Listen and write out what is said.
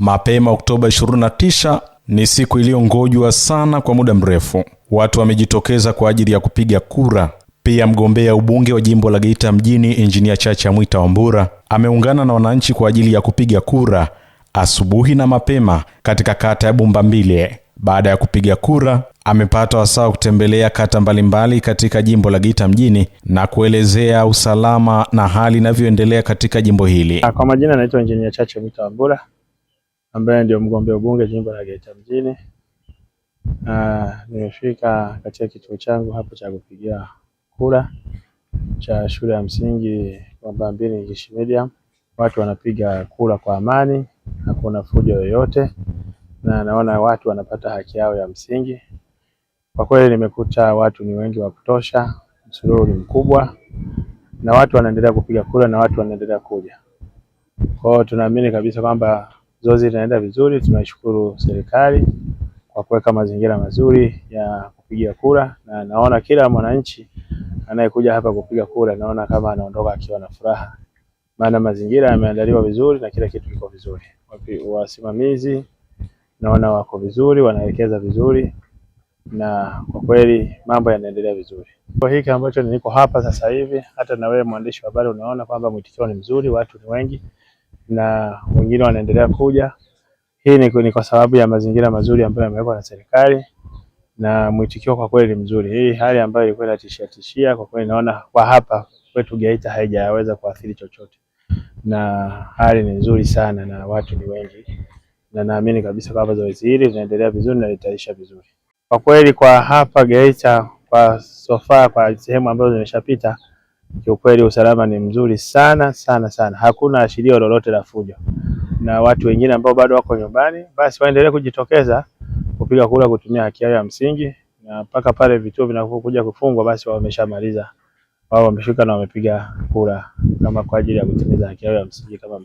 Mapema Oktoba 29 ni siku iliyongojwa sana kwa muda mrefu. Watu wamejitokeza kwa ajili ya kupiga kura. Pia mgombea ubunge wa jimbo la Geita mjini Injinia Chacha Mwita Wambura ameungana na wananchi kwa ajili ya kupiga kura asubuhi na mapema katika kata ya mbile Baada ya kupiga kura, amepata wasaa kutembelea kata mbalimbali katika jimbo la Geita mjini na kuelezea usalama na hali inavyoendelea katika jimbo hili. Ah, kwa majina anaitwa Injinia Chacha Mwita Wambura ambaye ndio mgombea ubunge jimbo la Geita mjini. Nimefika katika kituo changu hapo cha kupigia kura cha shule ya msingi Mwamba Mbili English Medium. Watu wanapiga kura kwa amani, hakuna fujo yoyote, na naona watu wanapata haki yao ya msingi. Kwa kweli nimekuta watu ni wengi wa kutosha, msururu ni mkubwa, na watu wanaendelea kupiga kura na watu wanaendelea kuja. Kwa hiyo tunaamini kabisa kwamba Zoezi linaenda vizuri, tunashukuru serikali kwa kuweka mazingira mazuri ya kupiga kura, na naona kila mwananchi anayekuja hapa kupiga kura naona kama anaondoka akiwa na furaha, maana mazingira yameandaliwa vizuri na kila kitu kiko vizuri. Wasimamizi naona wako vizuri, wanaelekeza vizuri, na kwa kweli mambo yanaendelea vizuri. Kwa hiki ambacho niko hapa sasa hivi, hata na wewe mwandishi wa habari unaona kwamba mwitikio ni mzuri, watu ni wengi na wengine wanaendelea kuja. Hii ni, ni kwa sababu ya mazingira mazuri ambayo yamewekwa na serikali na mwitikio kwa kweli mzuri. Hii hali ambayo ilikuwa inatishia tishia, kwa kweli naona kwa hapa kwetu Geita haijaweza kuathiri chochote, na hali ni nzuri sana na watu ni wengi, na naamini kabisa kwamba zoezi hili linaendelea vizuri na litaisha vizuri kwa kweli. Kwa hapa Geita kwa sofa, kwa sehemu ambazo zimeshapita Kiukweli usalama ni mzuri sana sana sana, hakuna ashirio lolote la fujo. Na watu wengine ambao bado wako nyumbani, basi waendelee kujitokeza kupiga kura, kutumia haki yao ya msingi, na mpaka pale vituo vinapokuja kufungwa, basi wao wameshamaliza, wao wameshuka na wamepiga kura, kama kwa ajili ya kutimiza haki yao ya msingi kama